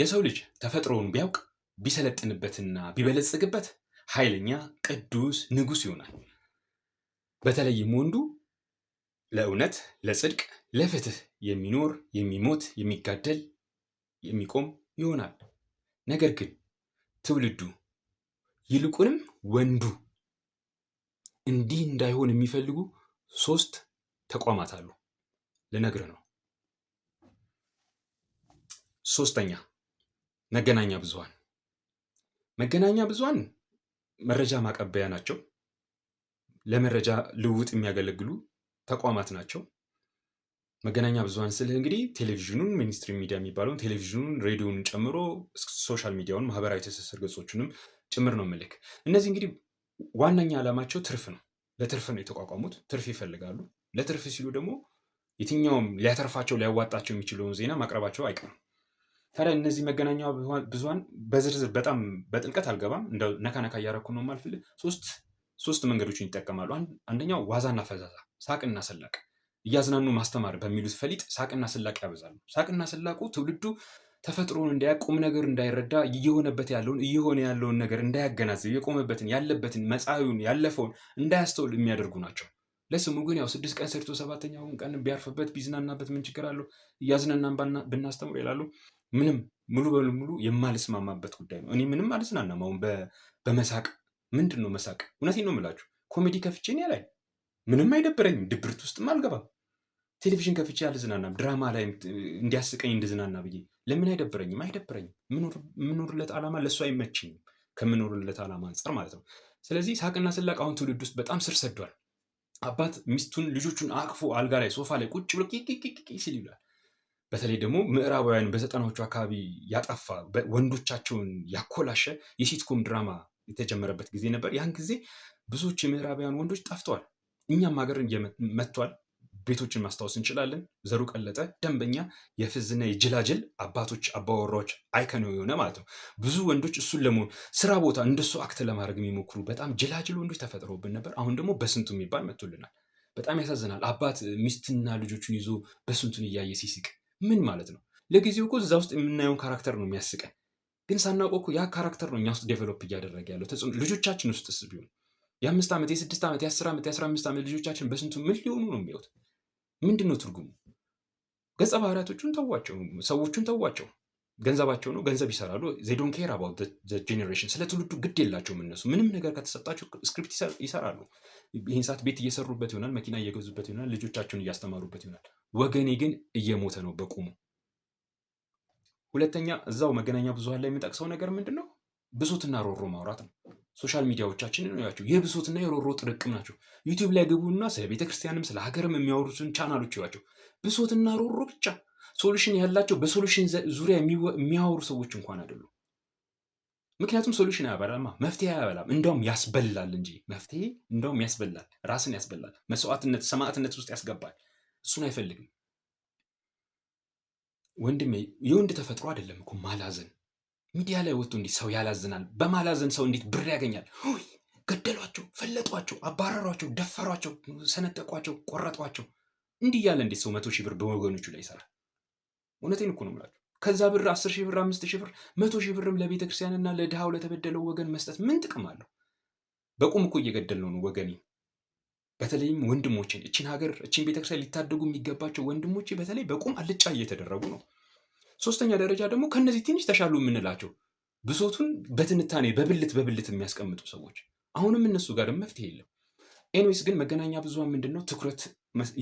የሰው ልጅ ተፈጥሮውን ቢያውቅ ቢሰለጥንበትና ቢበለጽግበት ኃይለኛ ቅዱስ ንጉሥ ይሆናል። በተለይም ወንዱ ለእውነት፣ ለጽድቅ፣ ለፍትህ የሚኖር የሚሞት፣ የሚጋደል፣ የሚቆም ይሆናል። ነገር ግን ትውልዱ ይልቁንም ወንዱ እንዲህ እንዳይሆን የሚፈልጉ ሶስት ተቋማት አሉ። ልነግርህ ነው። ሶስተኛ መገናኛ ብዙሃን መገናኛ ብዙሃን መረጃ ማቀበያ ናቸው። ለመረጃ ልውውጥ የሚያገለግሉ ተቋማት ናቸው። መገናኛ ብዙሃን ስልህ እንግዲህ ቴሌቪዥኑን፣ ሚኒስትሪ ሚዲያ የሚባለውን ቴሌቪዥኑን፣ ሬዲዮን ጨምሮ ሶሻል ሚዲያውን፣ ማህበራዊ ትስስር ገጾችንም ጭምር ነው ምልክ። እነዚህ እንግዲህ ዋነኛ ዓላማቸው ትርፍ ነው። ለትርፍ ነው የተቋቋሙት። ትርፍ ይፈልጋሉ። ለትርፍ ሲሉ ደግሞ የትኛውም ሊያተርፋቸው ሊያዋጣቸው የሚችለውን ዜና ማቅረባቸው አይቀርም። ታዲያ እነዚህ መገናኛ ብዙሃን በዝርዝር በጣም በጥልቀት አልገባም፣ እንደው ነካ ነካ እያረኩ ነው የማልፈልግ። ሶስት ሶስት መንገዶችን ይጠቀማሉ። አንደኛው ዋዛና ፈዛዛ፣ ሳቅና ስላቅ፣ እያዝናኑ ማስተማር በሚሉት ፈሊጥ ሳቅና ስላቅ ያበዛሉ። ሳቅና ስላቁ ትውልዱ ተፈጥሮን እንዳያቅ ቁም ነገር እንዳይረዳ እየሆነበት ያለውን እየሆነ ያለውን ነገር እንዳያገናዘብ የቆመበትን ያለበትን መጻዩን ያለፈውን እንዳያስተውል የሚያደርጉ ናቸው። ለስሙ ግን ያው ስድስት ቀን ሰርቶ ሰባተኛውን ቀን ቢያርፍበት ቢዝናናበት ምን ችግር አለው? እያዝናናን ብናስተምር ይላሉ። ምንም ሙሉ በሙሉ የማልስማማበት ጉዳይ ነው። እኔ ምንም አልዝናናም። አሁን በመሳቅ ምንድን ነው መሳቅ? እውነቴን ነው የምላችሁ ኮሜዲ ከፍቼ እኔ ላይ ምንም አይደብረኝም፣ ድብርት ውስጥም አልገባም። ቴሌቪዥን ከፍቼ አልዝናናም። ድራማ ላይ እንዲያስቀኝ እንድዝናና ብዬ ለምን አይደብረኝም? አይደብረኝም። የምኖርለት ዓላማ ለእሱ አይመችኝም፣ ከምኖርለት ዓላማ አንጻር ማለት ነው። ስለዚህ ሳቅና ስላቅ አሁን ትውልድ ውስጥ በጣም ስር ሰዷል። አባት ሚስቱን ልጆቹን አቅፎ አልጋ ላይ ሶፋ ላይ ቁጭ ብሎ ሲል ይላል። በተለይ ደግሞ ምዕራባውያን በዘጠናዎቹ አካባቢ ያጠፋ ወንዶቻቸውን ያኮላሸ የሲትኮም ድራማ የተጀመረበት ጊዜ ነበር። ያን ጊዜ ብዙዎች የምዕራባውያን ወንዶች ጠፍተዋል፣ እኛም ሀገር መጥቷል። ቤቶችን ማስታወስ እንችላለን። ዘሩ ቀለጠ፣ ደንበኛ፣ የፍዝና የጅላጅል አባቶች አባወራዎች አይከን የሆነ ማለት ነው። ብዙ ወንዶች እሱን ለመሆን ስራ ቦታ እንደሱ አክት ለማድረግ የሚሞክሩ በጣም ጅላጅል ወንዶች ተፈጥረውብን ነበር። አሁን ደግሞ በስንቱ የሚባል መጥቶልናል። በጣም ያሳዝናል። አባት ሚስትና ልጆቹን ይዞ በስንቱን እያየ ሲስቅ ምን ማለት ነው? ለጊዜው እኮ እዛ ውስጥ የምናየውን ካራክተር ነው የሚያስቀን፣ ግን ሳናውቀው እኮ ያ ካራክተር ነው እኛ ውስጥ ዴቨሎፕ እያደረገ ያለው ተጽዕኖ ልጆቻችን ስ ቢሆን የአምስት ዓመት የስድስት ዓመት የአስር ዓመት የአስራ አምስት ዓመት ልጆቻችን በስንቱ ምን ሊሆኑ ነው የሚወት ምንድን ነው ትርጉሙ? ገጸ ባህሪያቶቹን ተዋቸው፣ ሰዎቹን ተዋቸው። ገንዘባቸው ነው፣ ገንዘብ ይሰራሉ። ዜዶን ኬር አባውት ጄኔሬሽን ስለ ትውልዱ ግድ የላቸውም። እነሱ ምንም ነገር ከተሰጣቸው ስክሪፕት ይሰራሉ። ይህን ሰዓት ቤት እየሰሩበት ይሆናል፣ መኪና እየገዙበት ይሆናል፣ ልጆቻቸውን እያስተማሩበት ይሆናል። ወገኔ ግን እየሞተ ነው በቁሙ። ሁለተኛ እዛው መገናኛ ብዙሃን ላይ የምጠቅሰው ነገር ምንድን ነው? ብሶትና ሮሮ ማውራት ነው። ሶሻል ሚዲያዎቻችንን እያቸው፣ የብሶትና የሮሮ ጥርቅም ናቸው። ዩቲዩብ ላይ ግቡና ስለ ቤተክርስቲያንም ስለ ሀገርም የሚያወሩትን ቻናሎች ይዋቸው። ብሶትና ሮሮ ብቻ። ሶሉሽን ያላቸው በሶሉሽን ዙሪያ የሚያወሩ ሰዎች እንኳን አይደሉም። ምክንያቱም ሶሉሽን አያበላማ፣ መፍትሄ አያበላም፣ እንዳውም ያስበላል እንጂ መፍትሄ እንዳውም ያስበላል፣ ራስን ያስበላል፣ መስዋዕትነት ሰማዕትነት ውስጥ ያስገባል። እሱን አይፈልግም። ወንድሜ የወንድ ተፈጥሮ አይደለም እኮ ማላዘን። ሚዲያ ላይ ወጥቶ እንዴት ሰው ያላዝናል። በማላዘን ሰው እንዴት ብር ያገኛል? ገደሏቸው፣ ፈለጧቸው፣ አባረሯቸው፣ ደፈሯቸው፣ ሰነጠቋቸው፣ ቆረጧቸው እንዲህ እያለ እንዴት ሰው መቶ ሺህ ብር በወገኖቹ ላይ ይሰራል? እውነቴን እኮ ነው የምላችሁ። ከዛ ብር አስር ሺህ ብር አምስት ሺህ ብር መቶ ሺህ ብርም ለቤተክርስቲያንና ለድሃው ለተበደለው ወገን መስጠት ምን ጥቅም አለው? በቁም እኮ እየገደል ነው ወገኔ። በተለይም ወንድሞችን እችን ሀገር እችን ቤተክርስቲያን ሊታደጉ የሚገባቸው ወንድሞች በተለይ በቁም አልጫ እየተደረጉ ነው። ሶስተኛ ደረጃ ደግሞ ከነዚህ ትንሽ ተሻሉ የምንላቸው ብሶቱን በትንታኔ በብልት በብልት የሚያስቀምጡ ሰዎች አሁንም እነሱ ጋር መፍትሄ የለም። ኤንዌስ ግን መገናኛ ብዙሃን ምንድን ነው ትኩረት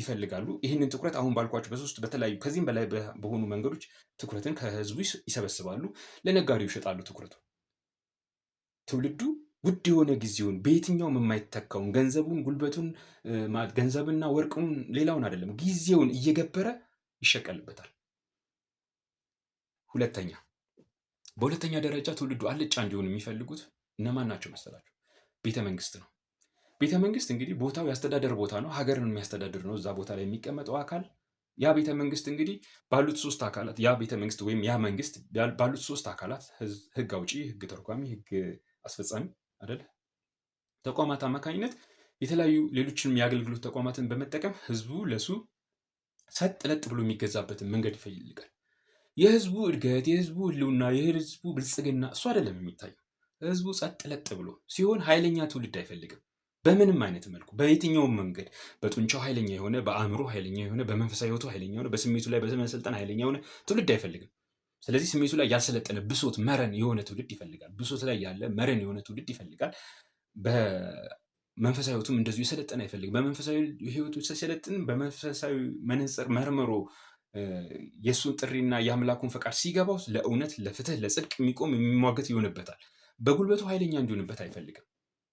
ይፈልጋሉ። ይህንን ትኩረት አሁን ባልኳቸው በሶስት በተለያዩ ከዚህም በላይ በሆኑ መንገዶች ትኩረትን ከህዝቡ ይሰበስባሉ። ለነጋዴው ይሸጣሉ። ትኩረቱ ትውልዱ ውድ የሆነ ጊዜውን በየትኛውም የማይተካውን ገንዘቡን፣ ጉልበቱን፣ ገንዘብና ወርቁን ሌላውን አይደለም ጊዜውን እየገበረ ይሸቀልበታል። ሁለተኛ በሁለተኛ ደረጃ ትውልዱ አልጫ እንዲሆን የሚፈልጉት እነማን ናቸው መሰላቸው? ቤተ መንግስት ነው። ቤተ መንግስት እንግዲህ ቦታው የአስተዳደር ቦታ ነው። ሀገርን የሚያስተዳድር ነው። እዛ ቦታ ላይ የሚቀመጠው አካል ያ ቤተ መንግስት እንግዲህ ባሉት ሶስት አካላት ያ ቤተ መንግስት ወይም ያ መንግስት ባሉት ሶስት አካላት ህግ አውጪ፣ ህግ ተርጓሚ፣ ህግ አስፈጻሚ አይደል ተቋማት አማካኝነት የተለያዩ ሌሎችንም የአገልግሎት ተቋማትን በመጠቀም ህዝቡ ለሱ ሰጥ ለጥ ብሎ የሚገዛበትን መንገድ ይፈልጋል። የህዝቡ እድገት፣ የህዝቡ ህልውና፣ የህዝቡ ብልጽግና እሱ አይደለም የሚታየው። ህዝቡ ጸጥ ለጥ ብሎ ሲሆን ኃይለኛ ትውልድ አይፈልግም። በምንም አይነት መልኩ በየትኛውም መንገድ በጡንቻው ኃይለኛ የሆነ በአእምሮ ኃይለኛ የሆነ በመንፈሳዊ ህይወቱ ኃይለኛ የሆነ በስሜቱ ላይ በመሰልጠን ኃይለኛ የሆነ ትውልድ አይፈልግም። ስለዚህ ስሜቱ ላይ ያልሰለጠነ ብሶት መረን የሆነ ትውልድ ይፈልጋል። ብሶት ላይ ያለ መረን የሆነ ትውልድ ይፈልጋል። በመንፈሳዊ ሕይወቱም እንደዚሁ የሰለጠነ አይፈልግም። በመንፈሳዊ ሕይወቱ ሲሰለጥን በመንፈሳዊ መነጽር መርምሮ የእሱን ጥሪና የአምላኩን ፈቃድ ሲገባው ለእውነት፣ ለፍትህ፣ ለጽድቅ የሚቆም የሚሟገት ይሆንበታል። በጉልበቱ ኃይለኛ እንዲሆንበት አይፈልግም።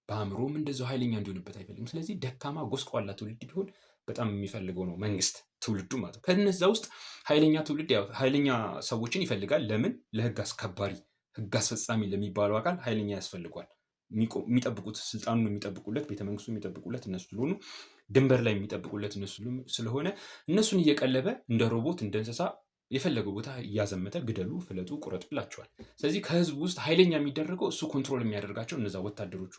በአእምሮም እንደዚሁ ኃይለኛ እንዲሆንበት አይፈልግም። ስለዚህ ደካማ ጎስቋላ ትውልድ ቢሆን በጣም የሚፈልገው ነው መንግስት ትውልዱ ማለት ነው። ከነዛ ውስጥ ኃይለኛ ትውልድ ኃይለኛ ሰዎችን ይፈልጋል። ለምን? ለህግ አስከባሪ ህግ አስፈጻሚ ለሚባለው አካል ኃይለኛ ያስፈልጓል። የሚጠብቁት ስልጣኑ የሚጠብቁለት ቤተመንግስቱ የሚጠብቁለት እነሱ ስለሆኑ ድንበር ላይ የሚጠብቁለት እነሱ ስለሆነ እነሱን እየቀለበ እንደ ሮቦት እንደ እንስሳ የፈለገው ቦታ እያዘመተ ግደሉ፣ ፍለጡ፣ ቁረጥ ብላቸዋል። ስለዚህ ከህዝቡ ውስጥ ኃይለኛ የሚደረገው እሱ ኮንትሮል የሚያደርጋቸው እነዛ ወታደሮቹ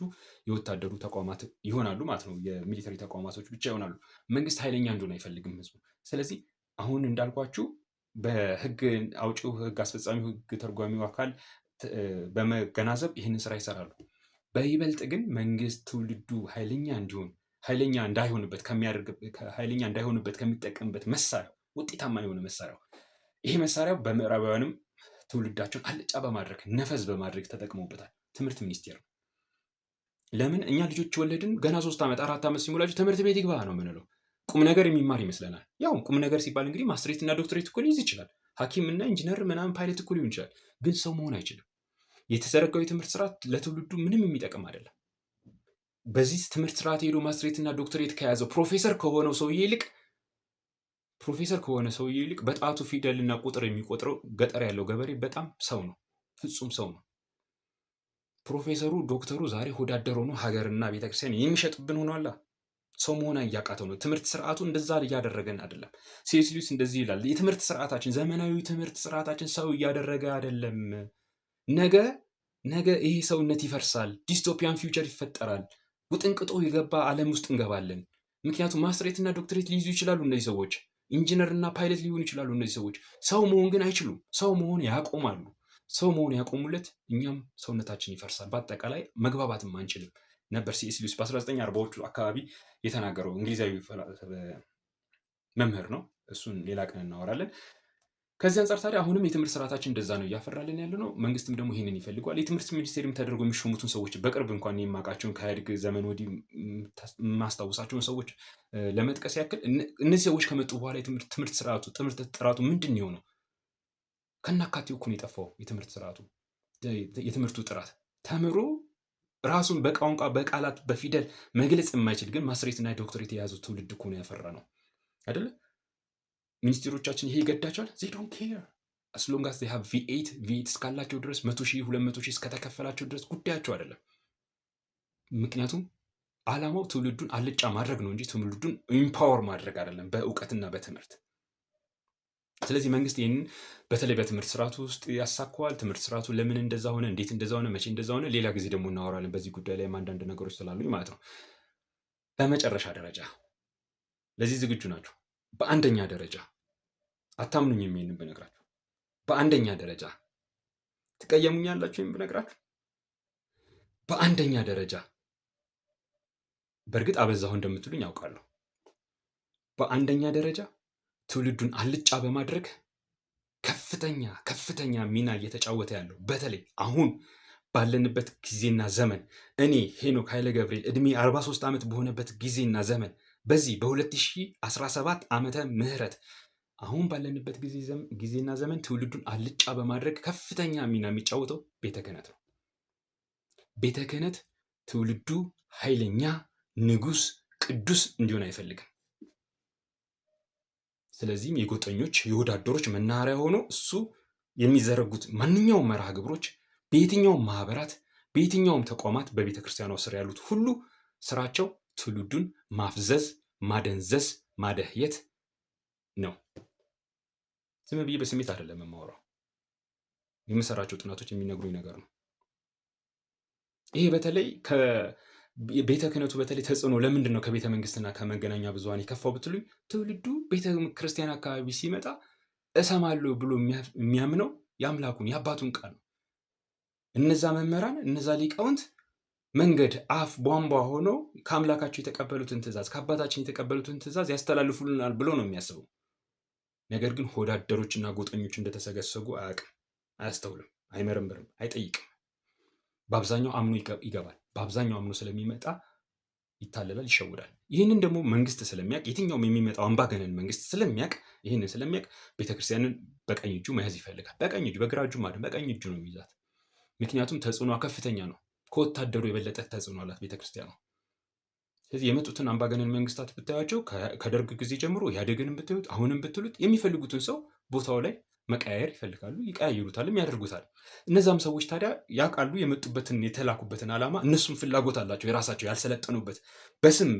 የወታደሩ ተቋማት ይሆናሉ ማለት ነው። የሚሊተሪ ተቋማቶች ብቻ ይሆናሉ። መንግስት ኃይለኛ እንደሆነ አይፈልግም ህዝቡ። ስለዚህ አሁን እንዳልኳችሁ በህግ አውጪው ህግ አስፈጻሚ ህግ ተርጓሚው አካል በመገናዘብ ይህንን ስራ ይሰራሉ። በይበልጥ ግን መንግስት ትውልዱ ኃይለኛ እንዲሆን ኃይለኛ እንዳይሆንበት ከሚያደርግ ኃይለኛ እንዳይሆንበት ከሚጠቀምበት መሳሪያው ውጤታማ የሆነ መሳሪያው ይሄ መሳሪያው በምዕራባውያንም ትውልዳቸውን አልጫ በማድረግ ነፈዝ በማድረግ ተጠቅመውበታል። ትምህርት ሚኒስቴር ነው። ለምን እኛ ልጆች ወለድን ገና ሶስት ዓመት አራት ዓመት ሲሞላቸው ትምህርት ቤት ይግባ ነው የምንለው። ቁም ነገር የሚማር ይመስለናል። ያው ቁም ነገር ሲባል እንግዲህ ማስትሬት እና ዶክትሬት እኮ ሊይዝ ይችላል። ሐኪም እና ኢንጂነር ምናምን ፓይለት እኮ ሊሆን ይችላል። ግን ሰው መሆን አይችልም። የተዘረጋው የትምህርት ስርዓት ለትውልዱ ምንም የሚጠቅም አይደለም። በዚህ ትምህርት ስርዓት ሄዶ ማስትሬት እና ዶክትሬት ከያዘው ፕሮፌሰር ከሆነው ሰውዬ ይልቅ ፕሮፌሰር ከሆነ ሰውዬ ይልቅ በጣቱ ፊደል እና ቁጥር የሚቆጥረው ገጠር ያለው ገበሬ በጣም ሰው ነው፣ ፍጹም ሰው ነው። ፕሮፌሰሩ ዶክተሩ ዛሬ ሆዳደር ሆኖ ሀገርና ቤተክርስቲያን የሚሸጥብን ሆኗላ። ሰው መሆን እያቃተው ነው። ትምህርት ስርዓቱ እንደዛ እያደረገን አይደለም። ሴስ ሉዊስ እንደዚህ ይላል። የትምህርት ስርዓታችን፣ ዘመናዊ ትምህርት ስርዓታችን ሰው እያደረገ አይደለም። ነገ ነገ ይሄ ሰውነት ይፈርሳል። ዲስቶፒያን ፊውቸር ይፈጠራል። ውጥንቅጦ የገባ ዓለም ውስጥ እንገባለን። ምክንያቱም ማስትሬት እና ዶክትሬት ሊይዙ ይችላሉ እነዚህ ሰዎች፣ ኢንጂነር እና ፓይለት ሊሆኑ ይችላሉ እነዚህ ሰዎች። ሰው መሆን ግን አይችሉም። ሰው መሆን ያቆማሉ። ሰው መሆን ያቆሙለት፣ እኛም ሰውነታችን ይፈርሳል። በአጠቃላይ መግባባትም አንችልም። ነበር ሲኤስ ሉዊስ በ1940ዎቹ አካባቢ የተናገረው እንግሊዛዊ መምህር ነው። እሱን ሌላ ቀን እናወራለን። ከዚህ አንጻር ታዲያ አሁንም የትምህርት ስርዓታችን እንደዛ ነው እያፈራልን ያለ ነው። መንግስትም ደግሞ ይህንን ይፈልገዋል። የትምህርት ሚኒስቴርም ተደርጎ የሚሾሙትን ሰዎች በቅርብ እንኳን የማውቃቸውን ከኢህአዴግ ዘመን ወዲህ የማስታውሳቸውን ሰዎች ለመጥቀስ ያክል እነዚህ ሰዎች ከመጡ በኋላ የትምህርት ስርዓቱ ትምህርት ጥራቱ ምንድን ነው የሆነው? ከናካቴው እኮ ነው የጠፋው የትምህርት ስርዓቱ የትምህርቱ ጥራት ተምሮ ራሱን በቋንቋ በቃላት በፊደል መግለጽ የማይችል ግን ማስሬትና ዶክትሬት የያዙ ትውልድ እኮ ነው ያፈራ ነው አይደለ? ሚኒስቴሮቻችን ይሄ ይገዳቸዋል። ዜ ዶን ኬር ሀ ቪኤት ቪኤት እስካላቸው ድረስ መቶ ሺህ ሁለት መቶ ሺህ እስከተከፈላቸው ድረስ ጉዳያቸው አይደለም። ምክንያቱም አላማው ትውልዱን አልጫ ማድረግ ነው እንጂ ትውልዱን ኢምፓወር ማድረግ አይደለም በእውቀትና በትምህርት ስለዚህ መንግስት ይህንን በተለይ በትምህርት ስርዓቱ ውስጥ ያሳካዋል። ትምህርት ስርዓቱ ለምን እንደዛ ሆነ፣ እንዴት እንደዛ ሆነ፣ መቼ እንደዛ ሆነ፣ ሌላ ጊዜ ደግሞ እናወራለን። በዚህ ጉዳይ ላይ አንዳንድ ነገሮች ስላሉኝ ማለት ነው። በመጨረሻ ደረጃ ለዚህ ዝግጁ ናቸው። በአንደኛ ደረጃ አታምኑኝ፣ የሚሄንን ብነግራችሁ፣ በአንደኛ ደረጃ ትቀየሙኝ ያላችሁ ወይም ብነግራችሁ፣ በአንደኛ ደረጃ በእርግጥ አበዛሁ እንደምትሉኝ ያውቃለሁ። በአንደኛ ደረጃ ትውልዱን አልጫ በማድረግ ከፍተኛ ከፍተኛ ሚና እየተጫወተ ያለው በተለይ አሁን ባለንበት ጊዜና ዘመን እኔ ሄኖክ ኃይለ ገብርኤል እድሜ 43 ዓመት በሆነበት ጊዜና ዘመን በዚህ በ2017 ዓመተ ምህረት አሁን ባለንበት ጊዜና ዘመን ትውልዱን አልጫ በማድረግ ከፍተኛ ሚና የሚጫወተው ቤተ ክህነት ነው። ቤተ ክህነት ትውልዱ ኃይለኛ ንጉስ ቅዱስ እንዲሆን አይፈልግም። ስለዚህም የጎጠኞች የወዳደሮች መናኸሪያ ሆኖ እሱ የሚዘረጉት ማንኛውም መርሃ ግብሮች በየትኛውም ማህበራት በየትኛውም ተቋማት በቤተ ክርስቲያኗ ስር ያሉት ሁሉ ስራቸው ትውልዱን ማፍዘዝ፣ ማደንዘዝ፣ ማደህየት ነው። ዝም ብዬ በስሜት አይደለም የማወራው፣ የምሰራቸው ጥናቶች የሚነግሩኝ ነገር ነው። ይሄ በተለይ ቤተ ክህነቱ በተለይ ተጽዕኖ ለምንድን ነው ከቤተ መንግስትና ከመገናኛ ብዙኃን የከፋው ብትሉኝ፣ ትውልዱ ቤተ ክርስቲያን አካባቢ ሲመጣ እሰማለሁ ብሎ የሚያምነው የአምላኩን የአባቱን ቃል ነው። እነዛ መምህራን እነዛ ሊቃውንት መንገድ አፍ ቧንቧ ሆኖ ከአምላካቸው የተቀበሉትን ትእዛዝ ከአባታችን የተቀበሉትን ትእዛዝ ያስተላልፉልናል ብሎ ነው የሚያስበው። ነገር ግን ሆዳደሮችና ጎጠኞች እንደተሰገሰጉ አያውቅም፣ አያስተውልም፣ አይመረምርም፣ አይጠይቅም። በአብዛኛው አምኖ ይገባል። በአብዛኛው አምኖ ስለሚመጣ ይታለላል፣ ይሸውዳል። ይህንን ደግሞ መንግስት ስለሚያውቅ የትኛውም የሚመጣው አምባገነን መንግስት ስለሚያውቅ ይህንን ስለሚያውቅ ቤተክርስቲያንን በቀኝ እጁ መያዝ ይፈልጋል። በቀኝ እጁ በግራ እጁ ማለት በቀኝ እጁ ነው የሚይዛት። ምክንያቱም ተጽዕኖዋ ከፍተኛ ነው። ከወታደሩ የበለጠ ተጽዕኖ አላት ቤተክርስቲያኗ። ስለዚህ የመጡትን አምባገነን መንግስታት ብታያቸው ከደርግ ጊዜ ጀምሮ ኢህአዴግንም ብትሉት አሁንም ብትሉት የሚፈልጉትን ሰው ቦታው ላይ መቀያየር ይፈልጋሉ፣ ይቀያይሩታልም ያደርጉታል። እነዛም ሰዎች ታዲያ ያውቃሉ የመጡበትን የተላኩበትን ዓላማ። እነሱም ፍላጎት አላቸው የራሳቸው ያልሰለጠኑበት። በስም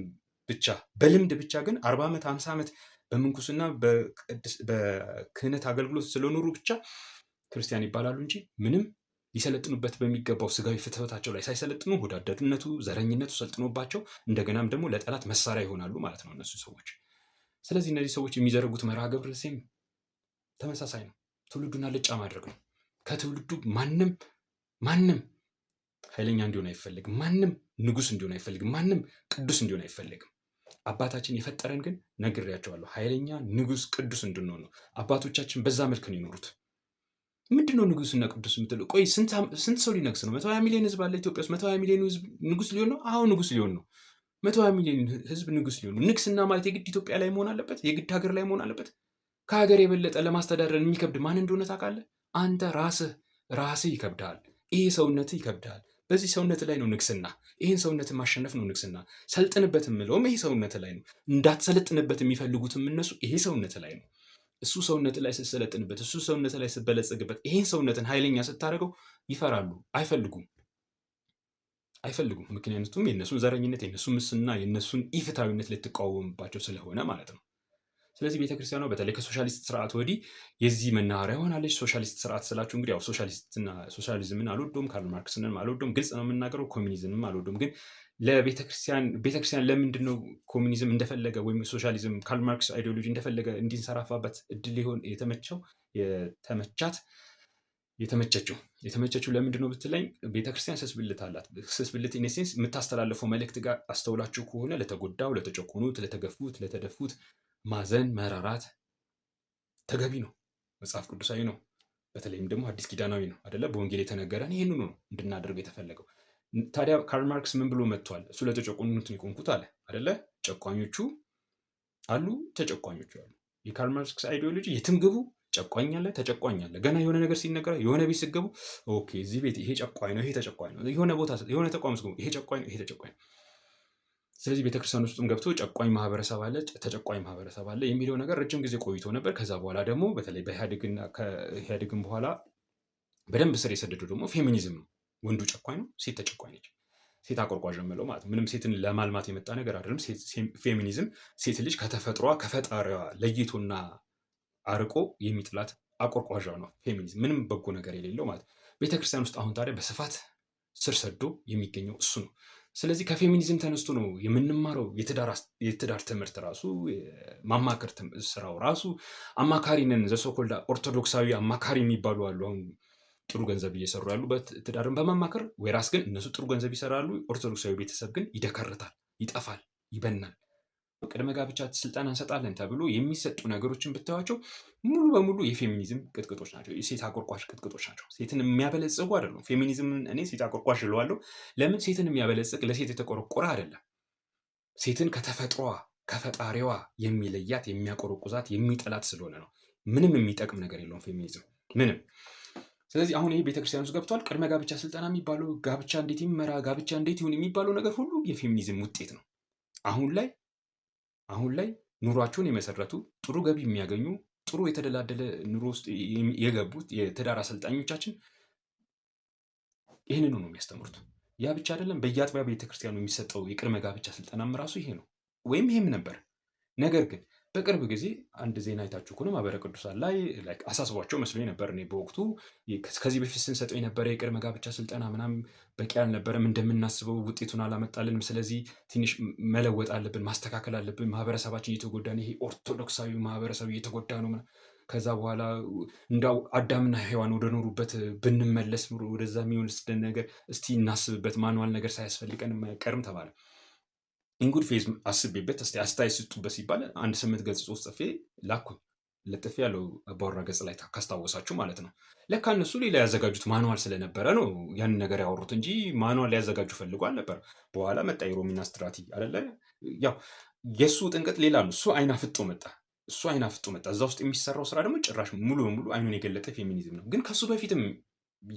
ብቻ በልምድ ብቻ ግን አርባ ዓመት ሃምሳ ዓመት በምንኩስና በክህነት አገልግሎት ስለኖሩ ብቻ ክርስቲያን ይባላሉ እንጂ ምንም ሊሰለጥኑበት በሚገባው ስጋዊ ፍትህታቸው ላይ ሳይሰለጥኑ ወዳደርነቱ፣ ዘረኝነቱ ሰልጥኖባቸው እንደገናም ደግሞ ለጠላት መሳሪያ ይሆናሉ ማለት ነው እነሱ ሰዎች። ስለዚህ እነዚህ ሰዎች የሚዘረጉት መርሃ ግብር ተመሳሳይ ነው። ትውልዱን አልጫ ማድረግ ነው። ከትውልዱ ማንም ማንም ኃይለኛ እንዲሆን አይፈልግም። ማንም ንጉስ እንዲሆን አይፈልግም። ማንም ቅዱስ እንዲሆን አይፈልግም። አባታችን የፈጠረን ግን ነግሬያቸዋለሁ፣ ኃይለኛ ንጉስ ቅዱስ እንድንሆን ነው። አባቶቻችን በዛ መልክ ነው ምንድን ነው ንጉስና ቅዱስ የምትለው? ቆይ ስንት ሰው ሊነግስ ነው? መቶ ሀያ ሚሊዮን ህዝብ አለ ኢትዮጵያ ውስጥ። መቶ ሀያ ሚሊዮን ህዝብ ንጉስ ሊሆን ነው? አዎ ንጉስ ሊሆን ነው። መቶ ሀያ ሚሊዮን ህዝብ ንጉስ ሊሆን ነው። ንግስና ማለት የግድ ኢትዮጵያ ላይ መሆን አለበት? የግድ ሀገር ላይ መሆን አለበት? ከሀገር የበለጠ ለማስተዳደር የሚከብድ ማን እንደሆነ ታውቃለህ? አንተ ራስህ ራስህ ይከብዳል። ይሄ ሰውነት ይከብዳል። በዚህ ሰውነት ላይ ነው ንግስና። ይህን ሰውነት ማሸነፍ ነው ንግስና። ሰልጥንበት የምለውም ይሄ ሰውነት ላይ ነው። እንዳትሰለጥንበት የሚፈልጉትም እነሱ ይሄ ሰውነት ላይ ነው። እሱ ሰውነት ላይ ስትሰለጥንበት፣ እሱ ሰውነት ላይ ስትበለጽግበት፣ ይህን ሰውነትን ኃይለኛ ስታደርገው ይፈራሉ። አይፈልጉም አይፈልጉም። ምክንያቱም የእነሱን ዘረኝነት፣ የእነሱን ምስና፣ የእነሱን ኢፍታዊነት ልትቃወምባቸው ስለሆነ ማለት ነው። ስለዚህ ቤተክርስቲያኗ በተለይ ከሶሻሊስት ስርዓት ወዲህ የዚህ መናኸሪያ ሆናለች። ሶሻሊስት ስርዓት ስላችሁ እንግዲህ ያው ሶሻሊዝምን አልወዶም፣ ካርል ማርክስንም አልወዶም፣ ግልጽ ነው የምናገረው። ኮሚኒዝምም አልወዶም። ግን ለቤተክርስቲያን ቤተክርስቲያን ለምንድን ነው ኮሚኒዝም እንደፈለገ ወይም ሶሻሊዝም ካርል ማርክስ አይዲዮሎጂ እንደፈለገ እንዲንሰራፋበት እድል ሊሆን የተመቸው የተመቻት የተመቸችው የተመቸችው ለምንድን ነው ብትለኝ፣ ቤተክርስቲያን ስስብልት አላት። ስስብልት ኢኔሴንስ የምታስተላለፈው መልእክት ጋር አስተውላችሁ ከሆነ ለተጎዳው፣ ለተጨቆኑት፣ ለተገፉት፣ ለተደፉት ማዘን፣ መራራት ተገቢ ነው፣ መጽሐፍ ቅዱሳዊ ነው። በተለይም ደግሞ አዲስ ኪዳናዊ ነው አደለ? በወንጌል የተነገረን ይህንኑ ነው እንድናደርገው የተፈለገው። ታዲያ ካርል ማርክስ ምን ብሎ መጥቷል? እሱ ለተጨቆኑት የቆንኩት አለ አደለ? ጨቋኞቹ አሉ፣ ተጨቋኞቹ አሉ። የካርል ማርክስ አይዲዮሎጂ የትም ግቡ ጨቋኝ አለ፣ ተጨቋኝ አለ። ገና የሆነ ነገር ሲነገረ የሆነ ቤት ስገቡ ኦኬ፣ እዚህ ቤት ይሄ ጨቋኝ ነው፣ ይሄ ተጨቋኝ ነው። የሆነ ቦታ የሆነ ተቋም ስገቡ ይሄ ጨቋኝ ነው፣ ይሄ ተጨቋኝ ነው። ስለዚህ ቤተክርስቲያን ውስጥም ገብቶ ጨቋኝ ማህበረሰብ አለ፣ ተጨቋኝ ማህበረሰብ አለ የሚለው ነገር ረጅም ጊዜ ቆይቶ ነበር። ከዛ በኋላ ደግሞ በተለይ በኢህአዴግና ከኢህአዴግም በኋላ በደንብ ስር የሰደዱ ደግሞ ፌሚኒዝም ነው። ወንዱ ጨቋኝ ነው፣ ሴት ተጨቋኝ ነች። ሴት አቆርቋዥ የምለው ማለት ምንም ሴትን ለማልማት የመጣ ነገር አይደለም። ፌሚኒዝም ሴት ልጅ ከተፈጥሯ ከፈጣሪዋ ለይቶና አርቆ የሚጥላት አቆርቋዣ ነው። ፌሚኒዝም ምንም በጎ ነገር የሌለው ማለት ቤተክርስቲያን ውስጥ አሁን ታዲያ በስፋት ስር ሰዶ የሚገኘው እሱ ነው። ስለዚህ ከፌሚኒዝም ተነስቶ ነው የምንማረው። የትዳር ትምህርት ራሱ ማማከር ስራው ራሱ አማካሪንን ዘሶኮልዳ ኦርቶዶክሳዊ አማካሪ የሚባሉ አሉ። አሁን ጥሩ ገንዘብ እየሰሩ ያሉ ትዳርን በማማከር ወይ ራስ ግን እነሱ ጥሩ ገንዘብ ይሰራሉ። ኦርቶዶክሳዊ ቤተሰብ ግን ይደከርታል፣ ይጠፋል፣ ይበናል። ቅድመ ጋብቻ ስልጠና እንሰጣለን ተብሎ የሚሰጡ ነገሮችን ብታዩቸው ሙሉ በሙሉ የፌሚኒዝም ቅጥቅጦች ናቸው። የሴት አቆርቋሽ ቅጥቅጦች ናቸው። ሴትን የሚያበለጽጉ አይደሉም። ፌሚኒዝምን እኔ ሴት አቆርቋሽ እለዋለሁ። ለምን ሴትን የሚያበለጽግ ለሴት የተቆረቆረ አይደለም። ሴትን ከተፈጥሯ ከፈጣሪዋ የሚለያት የሚያቆረቁዛት የሚጠላት ስለሆነ ነው። ምንም የሚጠቅም ነገር የለውም ፌሚኒዝም ምንም። ስለዚህ አሁን ይህ ቤተክርስቲያን ውስጥ ገብቷል። ቅድመ ጋብቻ ስልጠና የሚባለው ጋብቻ እንዴት ይመራ፣ ጋብቻ እንዴት ይሁን የሚባለው ነገር ሁሉ የፌሚኒዝም ውጤት ነው አሁን ላይ አሁን ላይ ኑሯቸውን የመሰረቱ ጥሩ ገቢ የሚያገኙ ጥሩ የተደላደለ ኑሮ ውስጥ የገቡት የትዳር አሰልጣኞቻችን ይህንኑ ነው የሚያስተምሩት። ያ ብቻ አይደለም። በየአጥቢያ ቤተክርስቲያኑ የሚሰጠው የቅድመ ጋብቻ ስልጠናም ራሱ ይሄ ነው ወይም ይሄም ነበር ነገር ግን በቅርብ ጊዜ አንድ ዜና አይታችሁ ከሆነ ማህበረ ቅዱሳን ላይ አሳስቧቸው መስሎኝ ነበር። እኔ በወቅቱ ከዚህ በፊት ስንሰጠው የነበረ የቅድመ ጋብቻ ስልጠና ምናምን በቂ አልነበረም፣ እንደምናስበው ውጤቱን አላመጣልንም። ስለዚህ ትንሽ መለወጥ አለብን፣ ማስተካከል አለብን። ማህበረሰባችን እየተጎዳ ነው፣ ይሄ ኦርቶዶክሳዊ ማህበረሰብ እየተጎዳ ነው። ከዛ በኋላ እንዳው አዳምና ሔዋን ወደ ኖሩበት ብንመለስ ወደዛ የሚወስደን ነገር እስቲ እናስብበት፣ ማንዋል ነገር ሳያስፈልገን ቀርም ተባለ። ኢንጉድ ፌዝ አስቤበት ስ አስተያየት ስጡበት ሲባል አንድ ስምንት ገጽ ጽሁፍ ጽፌ ላኩኝ። ለጥፌ ያለው በወራ ገጽ ላይ ካስታወሳችሁ ማለት ነው። ለካ እነሱ ሌላ ያዘጋጁት ማኑዋል ስለነበረ ነው ያንን ነገር ያወሩት እንጂ ማኑዋል ሊያዘጋጁ ፈልጎ አልነበር። በኋላ መጣ የሮሚና ስትራቲ አለ። ያው የእሱ ጥንቅጥ ሌላ ነው። እሱ አይና ፍጦ መጣ እሱ አይና ፍጡ መጣ። እዛ ውስጥ የሚሰራው ስራ ደግሞ ጭራሽ ሙሉ በሙሉ አይኑን የገለጠ ፌሚኒዝም ነው። ግን ከሱ በፊትም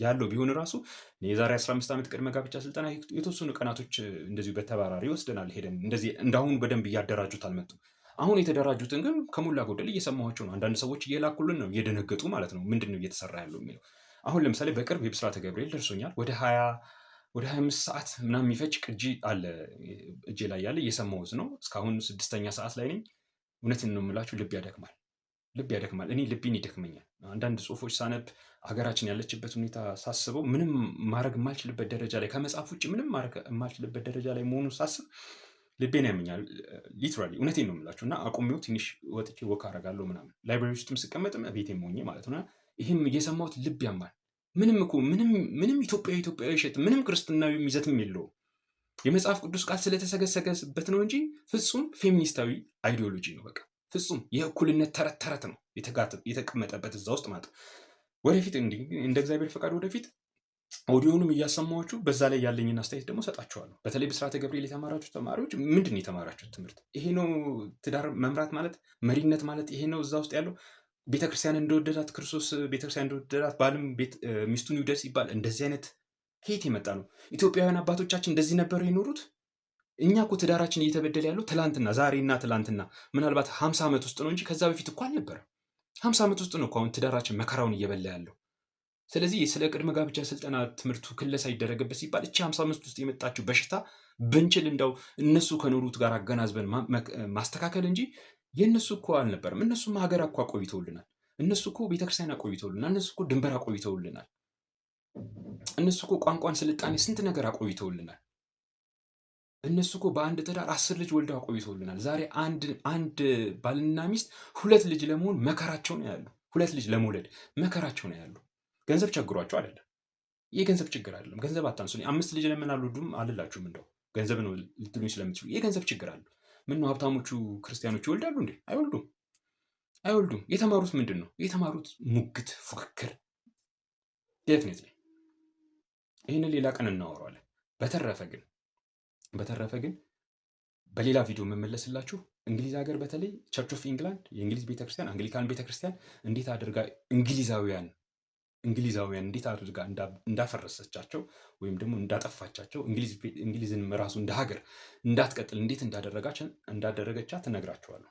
ያለው ቢሆን ራሱ የዛሬ 15 ዓመት ቅድመ ጋብቻ ስልጠና የተወሰኑ ቀናቶች እንደዚሁ በተባራሪ ወስደናል ሄደን እንደዚህ እንዳሁኑ በደንብ እያደራጁት አልመጡም። አሁን የተደራጁትን ግን ከሞላ ጎደል እየሰማኋቸው ነው። አንዳንድ ሰዎች እየላኩልን ነው፣ እየደነገጡ ማለት ነው። ምንድን ነው እየተሰራ ያለው የሚለው አሁን ለምሳሌ በቅርብ የብስራተ ገብርኤል ደርሶኛል። ወደ ሀያ ወደ ሀያ አምስት ሰዓት ምናምን የሚፈጅ ቅጂ አለ እጄ ላይ ያለ እየሰማሁት ነው። እስካሁን ስድስተኛ ሰዓት ላይ ነኝ። እውነትን ነው የምላችሁ ልብ ያደክማል። ልብ ያደክማል። እኔ ልቤን ይደክመኛል። አንዳንድ ጽሁፎች ሳነብ ሀገራችን ያለችበት ሁኔታ ሳስበው ምንም ማድረግ የማልችልበት ደረጃ ላይ ከመጽሐፍ ውጭ ምንም ማድረግ የማልችልበት ደረጃ ላይ መሆኑ ሳስብ ልቤን ያመኛል። ሊትራሊ እውነቴን ነው የምላቸው እና አቁሜው ትንሽ ወጥቼ ወክ አደርጋለሁ ምናምን ላይብራሪ ውስጥም ስቀመጥም ቤቴ ሆኜ ማለት ነው። ይህም እየሰማሁት ልብ ያማል። ምንም እኮ ምንም ኢትዮጵያዊ ኢትዮጵያዊ ይሸጥ ምንም ክርስትናዊ ይዘትም የለውም። የመጽሐፍ ቅዱስ ቃል ስለተሰገሰገበት ነው እንጂ ፍጹም ፌሚኒስታዊ አይዲዮሎጂ ነው በቃ ፍጹም የእኩልነት ተረት ተረት ነው የተቀመጠበት እዛ ውስጥ ማለት ነው። ወደፊት እንደ እግዚአብሔር ፈቃድ ወደፊት ኦዲዮንም እያሰማችሁ በዛ ላይ ያለኝን አስተያየት ደግሞ ሰጣችኋለሁ። በተለይ በስርዓተ ገብርኤል የተማራችሁ ተማሪዎች ምንድን ነው የተማራችሁት ትምህርት? ይሄ ነው ትዳር መምራት ማለት መሪነት ማለት ይሄ ነው እዛ ውስጥ ያለው ቤተክርስቲያን እንደወደዳት ክርስቶስ ቤተክርስቲያን እንደወደዳት ባልም ሚስቱን ይውደድ ሲባል እንደዚህ አይነት ከየት የመጣ ነው? ኢትዮጵያውያን አባቶቻችን እንደዚህ ነበር የኖሩት? እኛ እኮ ትዳራችን እየተበደለ ያለው ትላንትና ዛሬና ትላንትና ምናልባት ሀምሳ ዓመት ውስጥ ነው እንጂ ከዛ በፊት እኮ አልነበረም። ሀምሳ ዓመት ውስጥ ነው እኮ አሁን ትዳራችን መከራውን እየበላ ያለው። ስለዚህ ስለ ቅድመ ጋብቻ ስልጠና ትምህርቱ ክለሳ ይደረግበት ሲባል እቺ ሀምሳ ዓመት ውስጥ የመጣችው በሽታ ብንችል እንዳው እነሱ ከኖሩት ጋር አገናዝበን ማስተካከል እንጂ የእነሱ እኮ አልነበረም። እነሱም ሀገር እኮ አቆይተውልናል። እነሱ እኮ ቤተክርስቲያን አቆይተውልናል። እነሱ እኮ ድንበር አቆይተውልናል። እነሱ እኮ ቋንቋን፣ ስልጣኔ፣ ስንት ነገር አቆይተውልናል። እነሱ እኮ በአንድ ትዳር አስር ልጅ ወልደው አቆይተውልናል። ዛሬ አንድ ባልና ሚስት ሁለት ልጅ ለመሆን መከራቸው ነው ያሉ። ሁለት ልጅ ለመውለድ መከራቸው ነው ያሉ። ገንዘብ ቸግሯቸው አይደለም። ገንዘብ ችግር አይደለም። ገንዘብ አታንሱ። አምስት ልጅ ለምን አልወልዱም አልላችሁም። እንደው ገንዘብ ነው ልትሉኝ ስለምትችሉ ገንዘብ ችግር አለ። ነው ሀብታሞቹ ክርስቲያኖች ይወልዳሉ እንዴ? አይወልዱም፣ አይወልዱም። የተማሩት ምንድን ነው የተማሩት? ሙግት፣ ፉክክር። ዴፍኔትሊ ይህንን ሌላ ቀን እናወራዋለን። በተረፈ ግን በተረፈ ግን በሌላ ቪዲዮ የምመለስላችሁ እንግሊዝ ሀገር በተለይ ቸርች ኦፍ ኢንግላንድ የእንግሊዝ ቤተክርስቲያን አንግሊካን ቤተክርስቲያን እንዴት አድርጋ እንግሊዛውያን እንግሊዛውያን እንዴት አድርጋ እንዳፈረሰቻቸው ወይም ደግሞ እንዳጠፋቻቸው እንግሊዝን ራሱ እንደ ሀገር እንዳትቀጥል እንዴት እንዳደረጋችን እንዳደረገቻት እነግራችኋለሁ።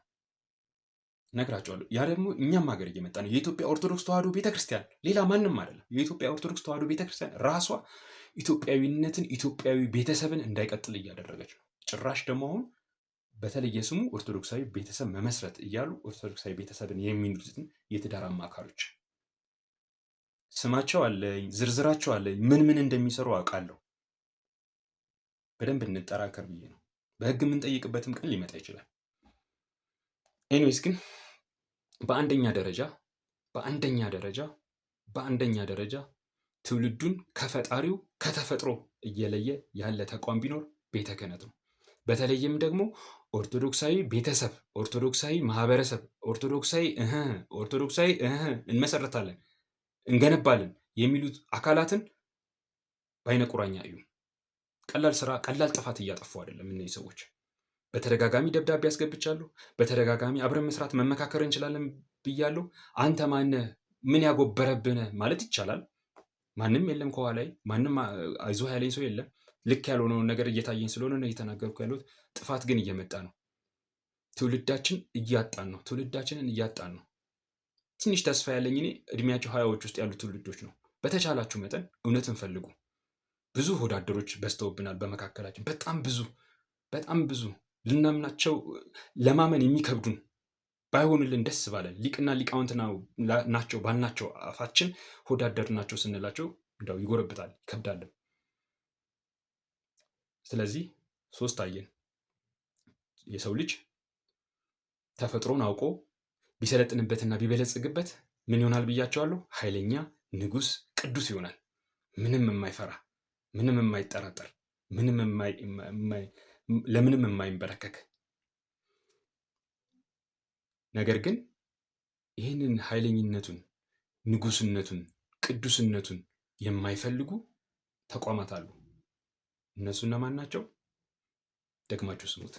ነግራቸዋለሁ። ያ ደግሞ እኛም ሀገር እየመጣ ነው። የኢትዮጵያ ኦርቶዶክስ ተዋህዶ ቤተክርስቲያን ሌላ ማንም አይደለም። የኢትዮጵያ ኦርቶዶክስ ተዋህዶ ቤተክርስቲያን ራሷ ኢትዮጵያዊነትን፣ ኢትዮጵያዊ ቤተሰብን እንዳይቀጥል እያደረገች ነው። ጭራሽ ደግሞ አሁን በተለየ ስሙ ኦርቶዶክሳዊ ቤተሰብ መመስረት እያሉ ኦርቶዶክሳዊ ቤተሰብን የሚሉትን የትዳር አማካሪዎች ስማቸው አለኝ፣ ዝርዝራቸው አለኝ። ምን ምን እንደሚሰሩ አውቃለሁ። በደንብ እንጠራከር ብዬ ነው። በህግ የምንጠይቅበትም ቀን ሊመጣ ይችላል። ኤኒዌይስ ግን በአንደኛ ደረጃ በአንደኛ ደረጃ በአንደኛ ደረጃ ትውልዱን ከፈጣሪው ከተፈጥሮ እየለየ ያለ ተቋም ቢኖር ቤተ ክህነት ነው። በተለይም ደግሞ ኦርቶዶክሳዊ ቤተሰብ፣ ኦርቶዶክሳዊ ማህበረሰብ፣ ኦርቶዶክሳዊ እህ ኦርቶዶክሳዊ እህ እንመሰረታለን፣ እንገነባለን የሚሉት አካላትን በአይነ ቁራኛ እዩ። ቀላል ስራ፣ ቀላል ጥፋት እያጠፉ አይደለም እነዚህ ሰዎች። በተደጋጋሚ ደብዳቤ ያስገብቻለሁ። በተደጋጋሚ አብረን መስራት መመካከር እንችላለን ብያለሁ። አንተ ማነ ምን ያጎበረብነ ማለት ይቻላል። ማንም የለም ከኋላይ፣ ማንም አይዞ ያለኝ ሰው የለም። ልክ ያልሆነውን ነገር እየታየኝ ስለሆነ ነው እየተናገርኩ ያለሁት። ጥፋት ግን እየመጣ ነው። ትውልዳችን እያጣን ነው። ትውልዳችንን እያጣን ነው። ትንሽ ተስፋ ያለኝ እኔ እድሜያቸው ሀያዎች ውስጥ ያሉ ትውልዶች ነው። በተቻላችሁ መጠን እውነትን ፈልጉ። ብዙ ወዳደሮች በዝተውብናል በመካከላችን በጣም ብዙ በጣም ብዙ ልናምናቸው ለማመን የሚከብዱን ባይሆንልን ደስ ባለን ሊቅና ሊቃውንት ናቸው ባልናቸው አፋችን ሆዳደር ናቸው ስንላቸው እንዳው ይጎረብጣል ይከብዳለን። ስለዚህ ሶስት አየን። የሰው ልጅ ተፈጥሮን አውቆ ቢሰለጥንበትና ቢበለጽግበት ምን ይሆናል ብያቸዋለሁ? ኃይለኛ ንጉስ ቅዱስ ይሆናል። ምንም የማይፈራ ምንም የማይጠራጠር ምንም ለምንም የማይንበረከክ ነገር ግን ይህንን ኃይለኝነቱን፣ ንጉስነቱን፣ ቅዱስነቱን የማይፈልጉ ተቋማት አሉ። እነሱ እነማን ናቸው? ደግማችሁ ስሙት።